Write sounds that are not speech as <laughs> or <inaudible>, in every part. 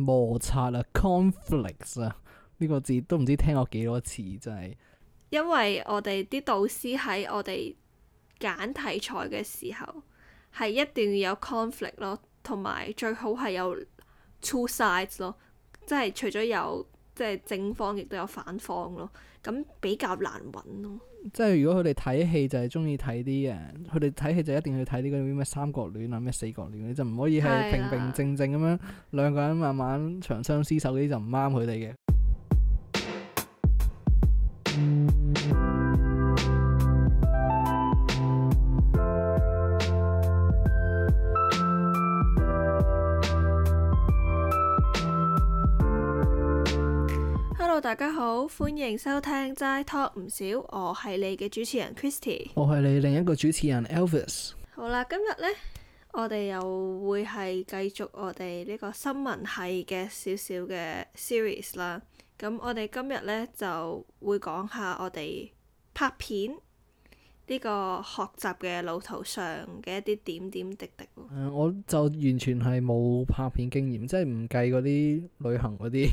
摩擦啦、啊、conflicts 啊，呢、這個字都唔知聽過幾多次，真係。因為我哋啲導師喺我哋揀題材嘅時候，係一定要有 conflict 咯，同埋最好係有 two sides 咯，即係除咗有即係正方，亦都有反方咯，咁比較難揾咯。即係如果佢哋睇戲就係中意睇啲嘅，佢哋睇戲就一定要睇啲嗰啲咩三角戀啊、咩四角戀，你就唔可以係平平靜靜咁樣的兩個人慢慢長相廝守嗰啲，就唔啱佢哋嘅。大家好，歡迎收聽齋、就是、talk 唔少，我係你嘅主持人 Christy，我係你另一個主持人 Elvis。好啦，今日呢，我哋又會係繼續我哋呢個新聞係嘅小薯嘅 series 啦。咁我哋今日呢，就會講下我哋拍片呢、這個學習嘅路途上嘅一啲點點滴滴。誒、呃，我就完全係冇拍片經驗，即係唔計嗰啲旅行嗰啲。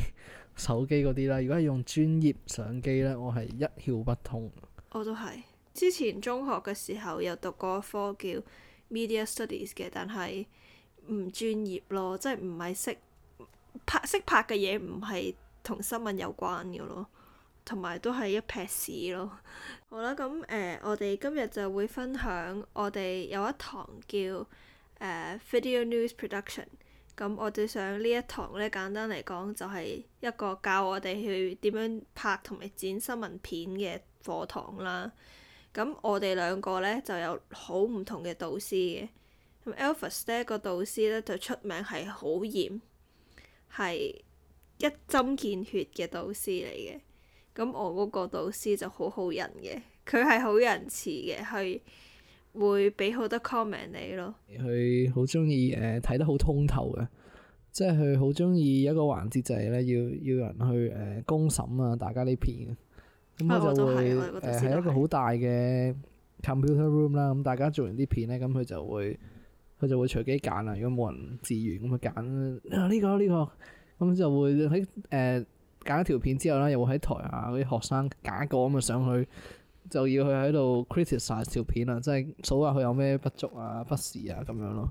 手機嗰啲啦，如果係用專業相機咧，我係一竅不通。我都係之前中學嘅時候有讀過一科叫 Media Studies 嘅，但係唔專業咯，即係唔係識拍識拍嘅嘢，唔係同新聞有關嘅咯，同埋都係一撇屎咯。好啦，咁誒、呃，我哋今日就會分享我哋有一堂叫誒、呃、Video News Production。咁我哋上呢一堂呢，簡單嚟講就係一個教我哋去點樣拍同埋剪新聞片嘅課堂啦。咁我哋兩個呢，就有好唔同嘅導師嘅。咁 Elvis 呢個導師呢，就出名係好嚴，係一針見血嘅導師嚟嘅。咁我嗰個導師就好好人嘅，佢係好仁慈嘅去，會俾好多 comment 你咯，佢好中意誒睇得好通透嘅，即係佢好中意一個環節就係、是、咧，要要人去誒公、呃、審啊，大家啲片，咁佢就會誒喺一個好大嘅 computer room 啦，咁大家做完啲片咧，咁佢就會佢就會隨機揀啦，如果冇人自願咁去揀呢個呢個，咁、這個、就會喺誒揀一條片之後咧，又會喺台下嗰啲學生揀一個咁啊上去。就要佢喺度 criticize 條片啊，即係數下佢有咩不足啊、不時啊咁樣咯。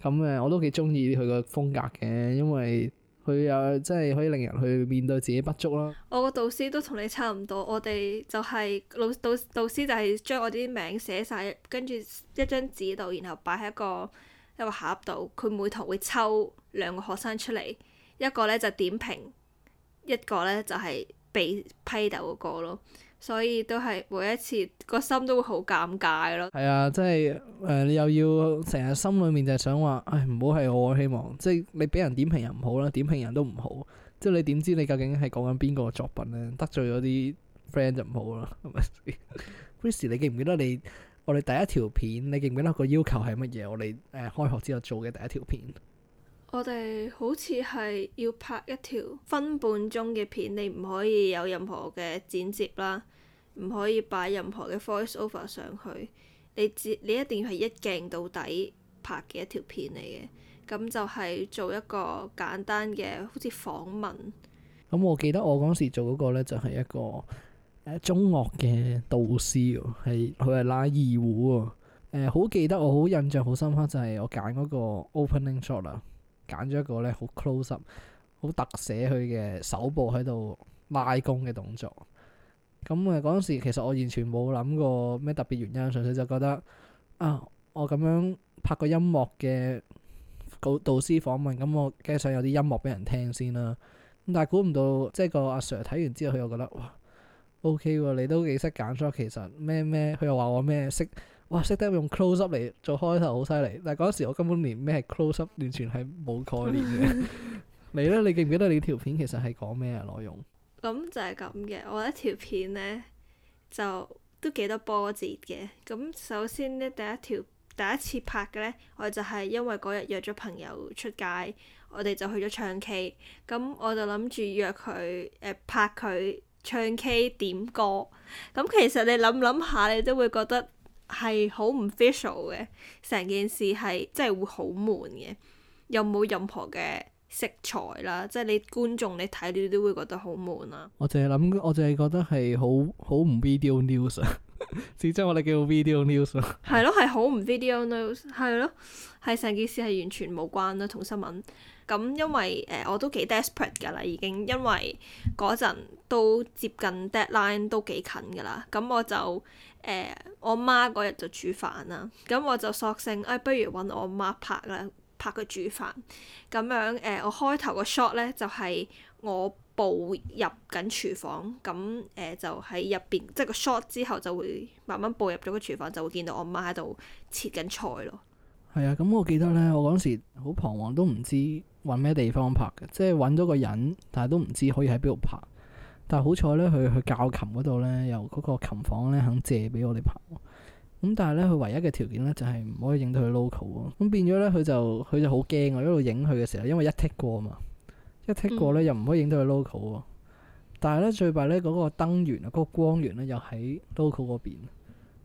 咁、嗯、誒，我都幾中意佢個風格嘅，因為佢有即係可以令人去面對自己不足啦、啊。我個導師都同你差唔多，我哋就係、是、老導導，導師就係將我啲名寫晒，跟住一張紙度，然後擺喺一個一個盒度。佢每堂會抽兩個學生出嚟，一個咧就是、點評，一個咧就係、是、被批鬥嗰個咯。所以都係每一次個心都會好尷尬咯。係啊，即係誒、呃，你又要成日心裡面就係想話，唉，唔好係我希望，即係你俾人點評又唔好啦，點評人都唔好，即係你點知你究竟係講緊邊個作品咧？得罪咗啲 friend 就唔好啦。係咪？ <laughs> Chris，你記唔記得你我哋第一條片？你記唔記得個要求係乜嘢？我哋誒、呃、開學之後做嘅第一條片，我哋好似係要拍一條分半鐘嘅片，你唔可以有任何嘅剪接啦。唔可以擺任何嘅 voiceover 上去，你自你一定要係一鏡到底拍嘅一條片嚟嘅，咁就係做一個簡單嘅好似訪問。咁、嗯、我記得我嗰時做嗰個咧，就係一個誒中樂嘅導師，係佢係拉二胡喎。誒、呃、好記得我好印象好深刻，就係我揀嗰個 opening shot 啦，揀咗一個呢，好 close up，好特寫佢嘅手部喺度拉弓嘅動作。咁誒嗰陣時，其實我完全冇諗過咩特別原因，純粹就覺得啊，我咁樣拍個音樂嘅導導師訪問，咁、嗯、我梗係想有啲音樂俾人聽先啦。咁但係估唔到，即係個阿 Sir 睇完之後，佢又覺得哇，OK 喎，你都幾識揀 shot，其實咩咩，佢又話我咩識，哇，識得用 close up 嚟做開頭好犀利。但係嗰陣時我根本連咩 close up 完全係冇概念嘅。 <laughs> 你呢？你記唔記得你條片其實係講咩內容？咁就係咁嘅，我一條片呢，就都幾多波折嘅。咁首先呢，第一條第一次拍嘅呢，我就係因為嗰日約咗朋友出街，我哋就去咗唱 K。咁我就諗住約佢誒、呃、拍佢唱 K 點歌。咁其實你諗諗下，你都會覺得係好唔 official 嘅，成件事係真係會好悶嘅，又冇任何嘅食材啦，即係你觀眾你睇你都會覺得好悶啦。我淨係諗，我淨係覺得係好好唔 video news 啊！始終 <laughs> 係我哋叫 video news 啊 <laughs> 。係咯，係好唔 video news，係咯，係成件事係完全冇關啦，同新聞。咁、嗯、因為誒、呃、我都幾 desperate 㗎啦，已經，因為嗰陣都接近 deadline 都幾近㗎啦。咁、嗯、我就誒、呃、我媽嗰日就煮飯啦，咁、嗯、我就索性誒、哎、不如搵我媽、媽拍啦。拍佢煮飯，咁樣誒、呃，我開頭個 shot 咧就係、是、我步入緊廚房，咁誒、呃、就喺入邊，即係個 shot 之後就會慢慢步入咗個廚房，就會見到我媽喺度切緊菜咯。係啊，咁我記得咧，我嗰時好彷徨，都唔知揾咩地方拍嘅，即係揾咗個人，但係都唔知可以喺邊度拍。但係好彩咧，佢去，去教琴嗰度咧，有嗰個琴房咧肯借俾我哋拍。咁但係咧，佢唯一嘅條件咧就係、是、唔可以影到佢 logo。咁變咗咧，佢就佢就好驚啊！一路影佢嘅時候，因為一 take 過嘛，一 take 過咧又唔可以影到佢 logo。但係咧，最弊咧，嗰個燈源啊，嗰、那個光源咧又喺 logo 嗰邊，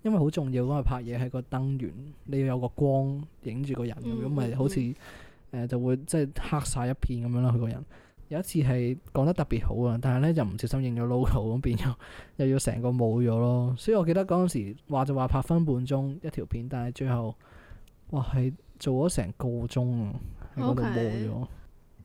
因為好重要，因為拍嘢喺個燈源，你要有個光影住個人，如咪、嗯、好似誒、呃、就會即係黑晒一片咁樣啦，佢個人。有一次係講得特別好啊，但係咧就唔小心影咗 logo 咁變咗，又要成個冇咗咯。所以我記得嗰陣時話就話拍分半鐘一條片，但係最後哇係做咗成個鐘啊，喺嗰度冇咗。Okay。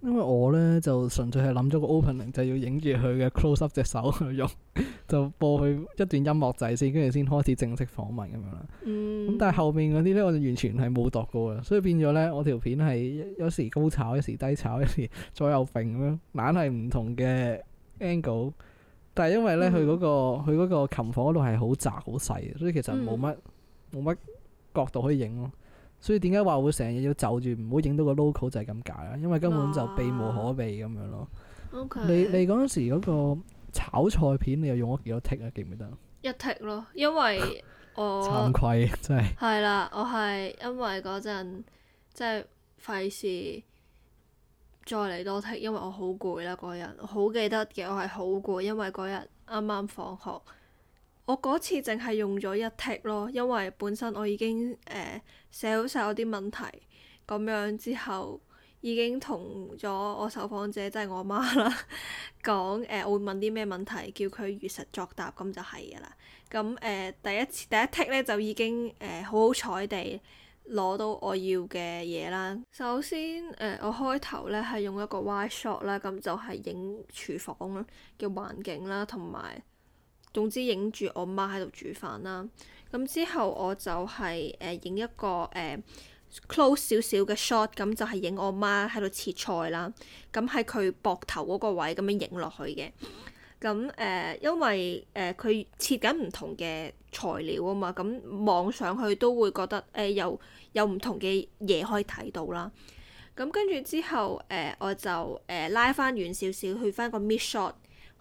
因為我咧就純粹係諗咗個 opening 就要影住佢嘅 close up 隻手去用， <laughs> 就播佢一段音樂仔先，跟住先開始正式訪問咁樣啦。咁、嗯、但係後面嗰啲咧，我就完全係冇度過嘅，所以變咗咧我條片係有時高炒，有時低炒，有時左右揈咁樣，硬係唔同嘅 angle。但係因為咧佢嗰個佢嗰個琴房嗰度係好窄好細，所以其實冇乜冇乜角度可以影咯。所以點解話會成日要就住唔好影到個 logo 就係咁解啦。因為根本就避無可避咁樣咯。啊 okay。你你嗰陣時嗰個炒菜片，你又用咗幾多剔啊？記唔記得？一剔咯，因為我…… <laughs> 慚愧我真係是。係啦，我係因為嗰陣即係費事再嚟多剔，因為我好攰啦嗰日。好記得嘅，我係好攰，因為嗰日啱啱放學。我嗰次淨係用咗一剔咯，因為本身我已經誒、呃、寫好晒我啲問題，咁樣之後已經同咗我受訪者即係我媽啦講誒，我會問啲咩問題，叫佢如實作答，咁就係噶啦。咁誒、呃、第一次第一剔咧就已經誒好好彩地攞到我要嘅嘢啦。首先誒、呃，我開頭咧係用一個 wide shot 啦，咁就係影廚房嘅環境啦，同埋。總之，影住我媽喺度煮飯啦。咁之後，我就係誒影一個誒 close 少少嘅 shot，咁就係影我媽喺度切菜啦。咁喺佢膊頭嗰個位咁樣影落去嘅。咁誒、呃，因為誒佢、呃、切緊唔同嘅材料啊嘛，咁望上去都會覺得誒、呃、有有唔同嘅嘢可以睇到啦。咁跟住之後，誒、呃、我就誒、呃、拉翻遠少少，去翻個 mid shot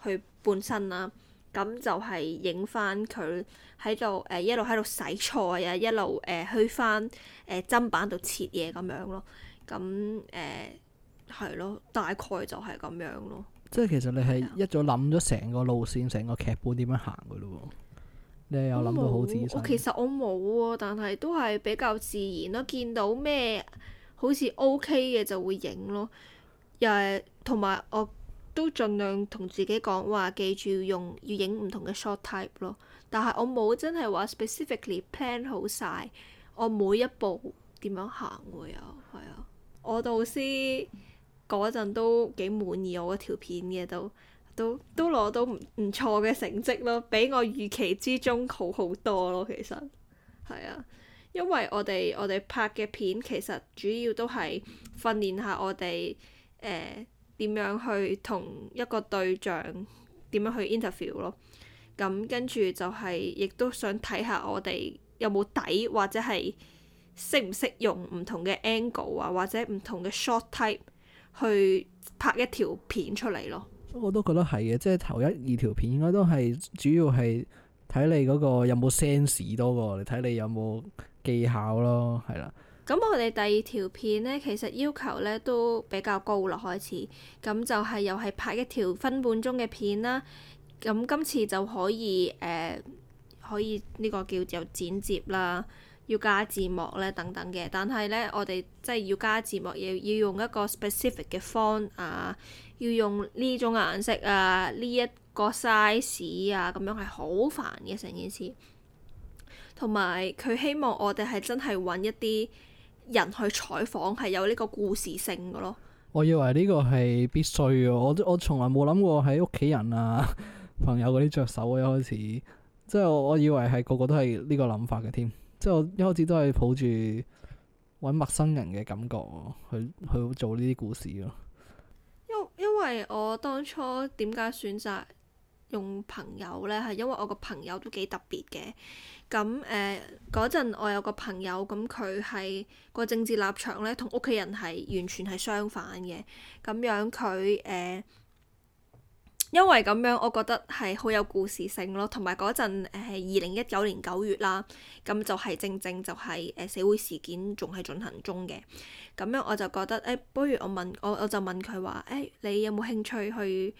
去半身啦。咁就係影翻佢喺度誒，一路喺度洗菜啊，一路誒、呃、去翻誒砧板度切嘢咁樣咯。咁誒係咯，大概就係咁樣咯。即係其實你係一早諗咗成個路線、成個劇本點樣行嘅咯。你有諗到好仔細我？我其實我冇喎，但係都係比較自然咯。見到咩好似 OK 嘅就會影咯。又係同埋我。都盡量同自己講話，記住要用要影唔同嘅 short type 咯。但係我冇真係話 specifically plan 好晒我每一步點樣行。會有，係啊。我導師嗰陣都幾滿意我嗰條片嘅，都都都攞到唔唔錯嘅成績咯，比我預期之中好好多咯。其實係啊，因為我哋我哋拍嘅片其實主要都係訓練下我哋誒。呃點樣去同一個對象點樣去 interview 咯？咁跟住就係，亦都想睇下我哋有冇底或者係識唔識用唔同嘅 angle 啊，或者唔同嘅 shot type 去拍一條片出嚟咯。我都覺得係嘅，即係頭一二條片應該都係主要係睇你嗰個有冇 sense 多過，你睇你有冇技巧咯，係啦。咁我哋第二條片咧，其實要求咧都比較高咯，開始。咁就係又係拍一條分半鐘嘅片啦。咁今次就可以誒、呃，可以呢個叫做剪接啦，要加字幕咧等等嘅。但係咧，我哋即係要加字幕，要要用一個 specific 嘅 font，啊，要用呢種顏色、這個、啊，呢一個 size 啊，咁樣係好煩嘅成件事。同埋佢希望我哋係真係揾一啲。人去採訪係有呢個故事性嘅咯。我以為呢個係必須嘅，我我從來冇諗過喺屋企人啊朋友嗰啲着手啊一開始，即係我，我以為係個個都係呢個諗法嘅添，即係我一開始都係抱住搵陌生人嘅感覺去去做呢啲故事咯。因因為我當初點解選擇，用朋友呢，係因為我個朋友都幾特別嘅。咁誒嗰陣，呃、我有個朋友，咁佢係個政治立場呢，同屋企人係完全係相反嘅。咁樣佢誒、呃，因為咁樣，我覺得係好有故事性咯。同埋嗰陣誒，二零一九年九月啦，咁就係正正就係社會事件仲係進行中嘅。咁樣我就覺得誒、欸，不如我問我我就問佢話誒，你有冇興趣去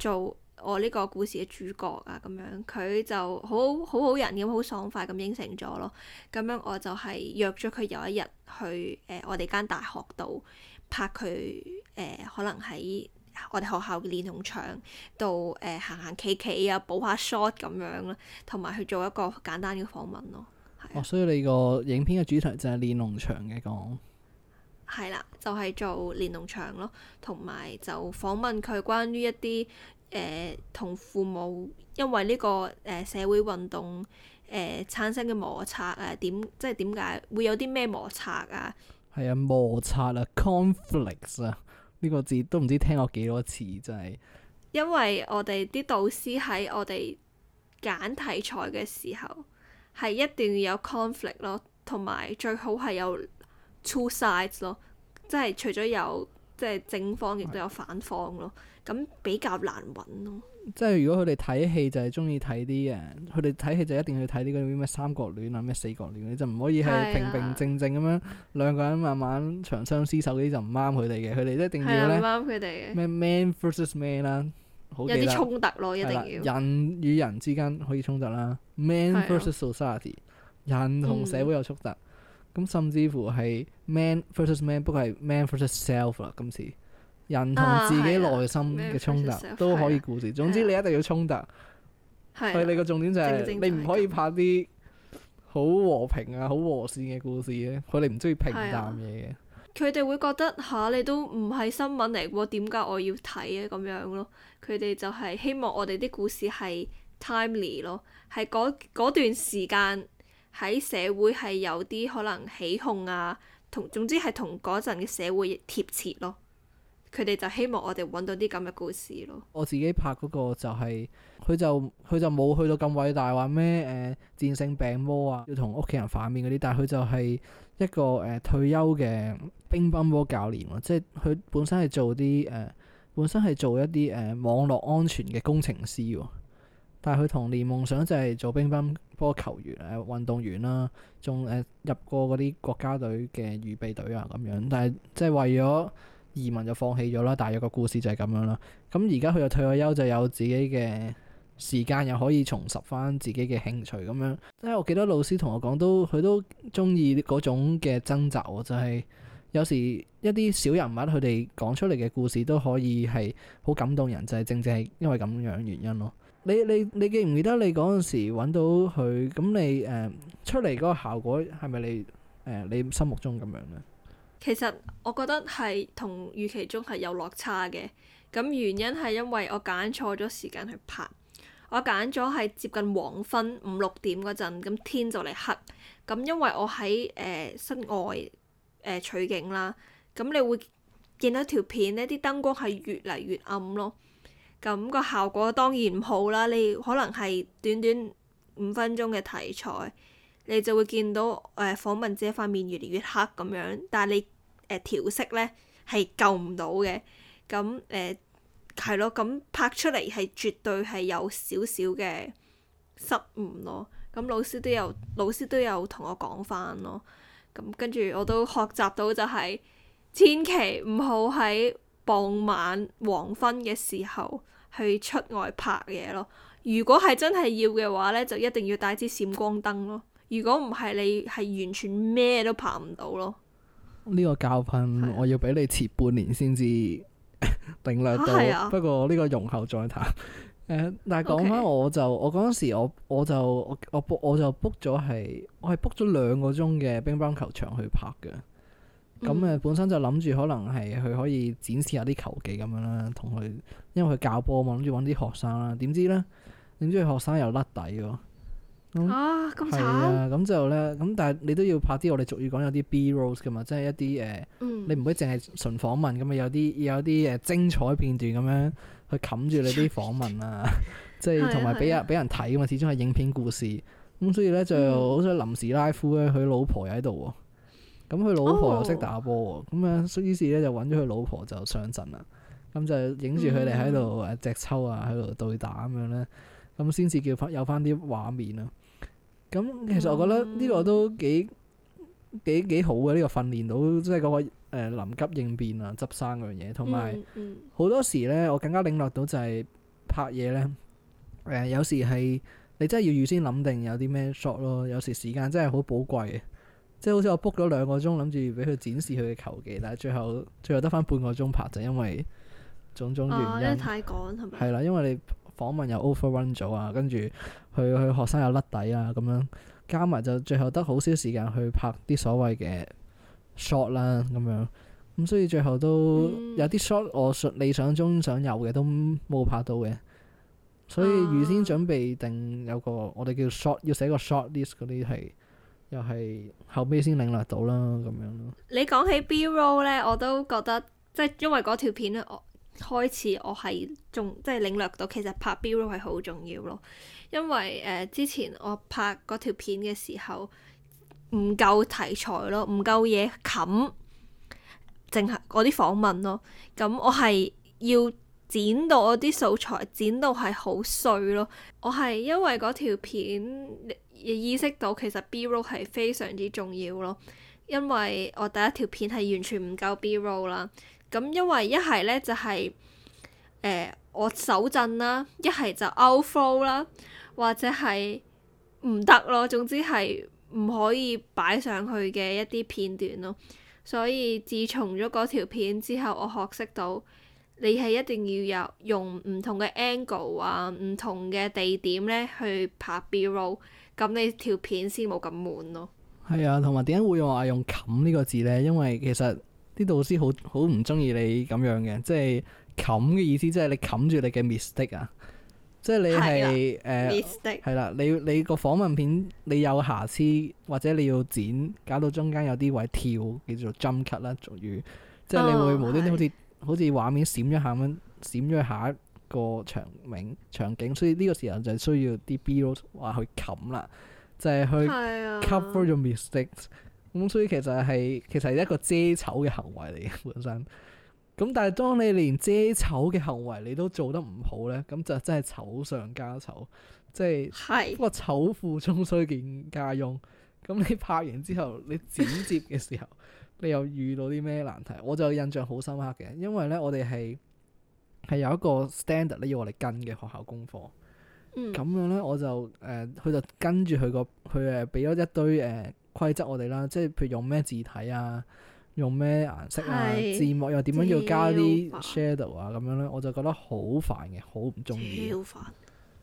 做？我呢個故事嘅主角啊，咁樣佢就好好好人咁，好爽快咁應承咗咯。咁樣我就係約咗佢有一日去誒、呃、我哋間大學度拍佢誒、呃，可能喺我哋學校嘅練龍場度誒行行企企啊，補下 shot 咁樣啦，同埋去做一個簡單嘅訪問咯。啊、哦，所以你個影片嘅主題就係練龍場嘅講。係啦，就係、是、做練龍場咯，同埋就訪問佢關於一啲。誒同、呃、父母因為呢、這個誒、呃、社會運動誒、呃、產生嘅摩擦誒點即係點解會有啲咩摩擦啊？係啊，摩擦啊，conflicts 啊，呢、這個字都唔知聽過幾多次，真係。因為我哋啲導師喺我哋揀題材嘅時候，係一定要有 conflict 咯，同埋最好係有 two sides 咯，即係除咗有。即係正方亦都有反方咯，咁比較難揾咯。即係如果佢哋睇戲就係中意睇啲嘅，佢哋睇戲就一定要睇啲嗰啲咩三角戀啊、咩四角戀嗰啲，就唔可以係平平正正咁樣兩個人慢慢長相廝守嗰啲就唔啱佢哋嘅，佢哋一定要咧。唔啱佢哋嘅。咩 man versus man 啦、啊，好有啲衝突咯、啊，一定要。人與人之間可以衝突啦、啊。Man versus society，的人同社會有衝突。嗯咁甚至乎係 man versus man，不過係 man versus self 啦。今次人同自己內心嘅衝突、啊啊、都可以故事。啊、總之你一定要衝突。係、啊。你哋個重點就係、係、你唔可以拍啲好和平啊、好和善嘅故事嘅。佢哋唔中意平淡嘢嘅。佢哋、啊、會覺得吓、啊，你都唔係新聞嚟喎，點解我要睇啊？咁樣咯，佢哋就係希望我哋啲故事係 timely 咯，係嗰段時間。喺社會係有啲可能起哄啊，同總之係同嗰陣嘅社會貼切咯。佢哋就希望我哋揾到啲咁嘅故事咯。我自己拍嗰個就係、是、佢就佢就冇去到咁偉大話咩誒戰勝病魔啊，要同屋企人反面嗰啲，但係佢就係一個誒、呃、退休嘅乒乓波教練喎、啊，即係佢本身係做啲誒、呃、本身係做一啲誒、呃、網絡安全嘅工程師喎、啊，但係佢童年夢想就係做乒乓波球員誒運動員啦，仲誒入過嗰啲國家隊嘅預備隊啊咁樣，但係即係為咗移民就放棄咗啦。大約個故事就係咁樣啦。咁而家佢又退咗休，休，就有自己嘅時間，又可以重拾翻自己嘅興趣咁樣。即係我記得老師同我講，都佢都中意嗰種嘅掙扎喎，就係、是、有時一啲小人物佢哋講出嚟嘅故事都可以係好感動人，就係、是、正正係因為咁樣原因咯。你你你記唔記得你嗰陣時揾到佢？咁你誒、呃、出嚟嗰個效果係咪你誒、呃、你心目中咁樣咧？其實我覺得係同預期中係有落差嘅。咁原因係因為我揀錯咗時間去拍，我揀咗係接近黃昏五六點嗰陣，咁天就嚟黑。咁因為我喺誒、呃、室外誒、呃、取景啦，咁你會見到條片呢啲燈光係越嚟越暗咯。咁個效果當然唔好啦，你可能係短短五分鐘嘅題材，你就會見到誒、呃、訪問者塊面越嚟越黑咁樣，但係你誒、呃、調色咧係救唔到嘅，咁誒係咯，咁、呃、拍出嚟係絕對係有少少嘅失誤咯。咁老師都有老師都有同我講返咯，咁跟住我都學習到就係、是、千祈唔好喺傍晚黃昏嘅時候，去出外拍嘢咯，如果係真係要嘅話呢，就一定要帶支閃光燈咯。如果唔係，你係完全咩都拍唔到咯。呢個教訓我要俾你遲半年先至 <laughs> 領略到。啊、不過呢個容後再談。啊、 <laughs> 但係講翻我就，我嗰時我我就我我我就 book 咗係，我係 book 咗兩個鐘嘅乒乓球場去拍嘅。咁誒，嗯、本身就諗住可能係佢可以展示下啲球技咁樣啦，同佢因為佢教波嘛，諗住揾啲學生啦。點知呢？點知學生又甩底喎。嗯、啊，咁慘，咁、嗯、就呢、係，咁但係你都要拍啲我哋俗語講有啲 B-roll 嘅嘛，即係一啲誒，你唔可以淨係純訪問咁啊，有啲有啲誒精彩片段咁樣去冚住你啲訪問啊，即係同埋俾人俾人睇咁啊，始終係影片故事。咁所以呢，就好想臨時拉夫呢，佢老婆又喺度喎。嗯嗯嗯。咁佢老婆又識打波喎，咁啊、oh.，於是咧就揾咗佢老婆就上陣啦。咁、嗯嗯、就影住佢哋喺度誒，隻抽啊，喺度對打咁樣咧，咁先至叫翻有翻啲畫面啊。咁其實我覺得呢個都幾幾幾好嘅，呢、這個訓練到即係嗰個誒臨、呃、急應變啊，執生嗰樣嘢。同埋好多時咧，我更加領略到就係拍嘢咧，誒、呃、有時係你真係要預先諗定有啲咩 shot 咯，有時時間真係好寶貴嘅。即係好似我 book 咗兩個鐘，諗住俾佢展示佢嘅球技，但係最後最後得翻半個鐘拍，就因為種種原因、啊、太趕係咪？係啦，因為你訪問又 overrun 咗啊，跟住佢佢學生又甩底啊，咁樣加埋就最後得好少時間去拍啲所謂嘅 shot 啦，咁樣咁所以最後都有啲 shot 我理想中想有嘅都冇拍到嘅，所以預先準備定有個我哋叫 shot 要寫個 shot list 嗰啲係。又係後尾先領略到啦，咁樣咯。你講起 B roll 咧，我都覺得即係因為嗰條片咧，我開始我係仲即係領略到，其實拍 B roll 係好重要咯。因為誒、呃、之前我拍嗰條片嘅時候，唔夠題材咯，唔夠嘢冚，淨係嗰啲訪問咯。咁我係要。剪到我啲素材，剪到係好碎咯。我係因為嗰條片意識到其實 B roll 係非常之重要咯，因為我第一條片係完全唔夠 B roll 啦。咁因為一係咧就係、是、誒、呃、我手震啦，一係就 outflow 啦，或者係唔得咯。總之係唔可以擺上去嘅一啲片段咯。所以自從咗嗰條片之後，我學識到。你係一定要有用唔同嘅 angle 啊，唔同嘅地點咧去拍 B-roll，咁你條片先冇咁悶咯。係、 <laughs> 嗯、啊，同埋點解會話用冚呢個字咧？因為其實啲導師好好唔中意你咁樣嘅，即係冚嘅意思 ake, 即係你冚住你嘅 mistake 啊，即係你係 mistake，係啦，你你個訪問片你有瑕疵或者你要剪，搞到中間有啲位跳，叫做 jump cut 啦，俗語，即係你會無端端好似。Oh, <laughs> 好似畫面閃咗下咁，閃咗下一個長明場景，所以呢個時候就需要啲 B roll 話去冚啦，就係、是、去 cover your mistake、啊。s 咁、嗯、所以其實係其實係一個遮醜嘅行為嚟嘅本身。咁、嗯、但係當你連遮醜嘅行為你都做得唔好呢，咁就真係醜上加醜，即係不過醜婦終須見家翁。咁你拍完之後，你剪接嘅時候，你又遇到啲咩難題？ <laughs> 我就印象好深刻嘅，因為呢，我哋係係有一個 standard 要我哋跟嘅學校功課。嗯。咁樣呢，我就誒，佢、呃、就跟住佢個佢誒，俾咗一堆誒、呃、規則我哋啦，即係譬如用咩字體啊，用咩顏色啊，是字幕又點樣要加啲 shadow 啊，咁樣呢，我就覺得好煩嘅，好唔中意。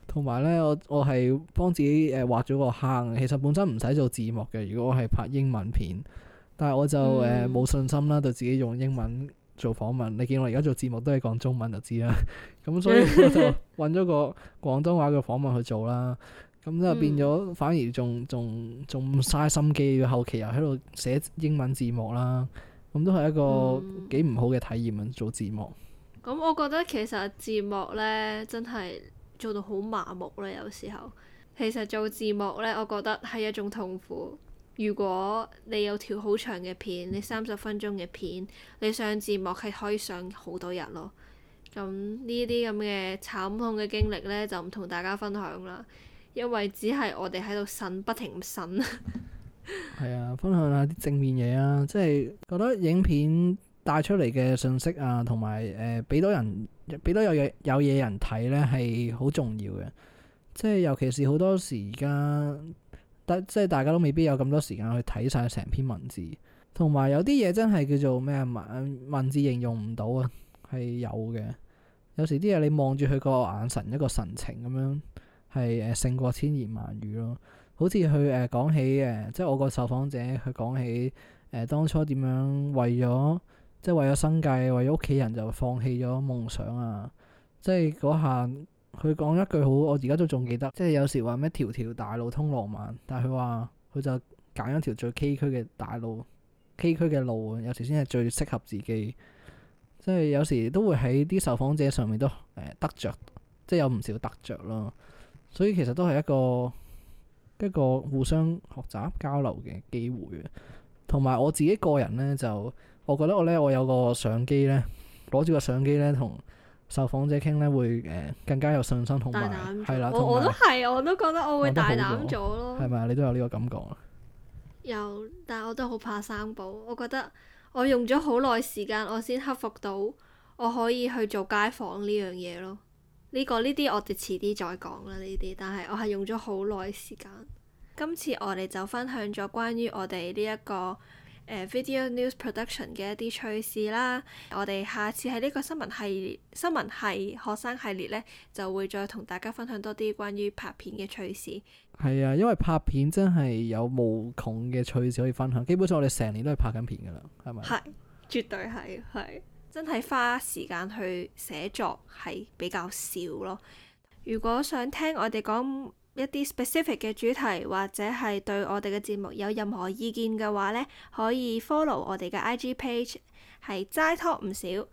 同埋呢，我我係幫自己誒畫咗個坑。其實本身唔使做字幕嘅。如果我係拍英文片，但係我就誒冇、嗯呃、信心啦，就自己用英文做訪問。你見我而家做字幕都係講中文就知啦。咁所以我就搵咗個廣東話嘅訪問去做啦。咁就變咗反而仲仲仲嘥心機，個後期又喺度寫英文字幕啦。咁都係一個幾唔好嘅體驗啊！做字幕咁，我覺得其實字幕呢，真係。做到好麻木啦，有時候其實做字幕呢，我覺得係一種痛苦。如果你有條好長嘅片，你三十分鐘嘅片，你上字幕係可以上好多日咯。咁呢啲咁嘅慘痛嘅經歷呢，就唔同大家分享啦，因為只係我哋喺度呻，不停呻。係 <laughs> 啊，分享下啲正面嘢啊，即係覺得影片。帶出嚟嘅信息啊，同埋誒俾到人，俾到有嘢有嘢人睇咧，係好重要嘅。即係尤其是好多時而家大即係大家都未必有咁多時間去睇晒成篇文字，同埋有啲嘢真係叫做咩文文字形容唔到啊，係有嘅。有時啲嘢你望住佢個眼神，一個神情咁樣係，誒、呃、勝過千言萬語咯。好似佢誒講起誒，即係我個受訪者佢講起誒、呃、當初點樣為咗。即係為咗生計，為咗屋企人就放棄咗夢想啊！即係嗰下佢講一句好，我而家都仲記得。即係有時話咩條條大路通羅馬，但係佢話佢就揀一條最崎嶇嘅大路，崎嶇嘅路有時先係最適合自己。即係有時都會喺啲受訪者上面都誒得着，即係有唔少得着咯。所以其實都係一個一個互相學習交流嘅機會。同埋我自己個人呢，就。我覺得我咧，我有個相機咧，攞住個相機咧，同受訪者傾咧，會誒、呃、更加有信心同埋膽，係啦，了我都係有，我都覺得我會大膽咗咯。係咪啊？你都有呢個感覺啊？有，但係我都好怕生寶。我覺得我用咗好耐時間，我先克服到我可以去做街訪呢樣嘢咯。呢、這個呢啲我哋遲啲再講啦。呢啲，但係我係用咗好耐時間。今次我哋就分享咗關於我哋呢一個。誒、uh, video news production 嘅一啲趣事啦，我哋下次喺呢個新聞系列、新聞系學生系列咧，就會再同大家分享多啲關於拍片嘅趣事。係啊，因為拍片真係有無窮嘅趣事可以分享。基本上我哋成年都係拍緊片㗎喇，係咪？係，絕對係，係真係花時間去寫作係比較少咯。如果想聽我哋講一啲 specific 嘅主題，或者係對我哋嘅節目有任何意見嘅話咧，可以 follow 我哋嘅 IG page，係齋 talk 唔少。誒、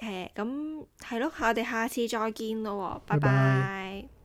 呃，咁係咯，我哋下次再見咯，拜拜。拜拜。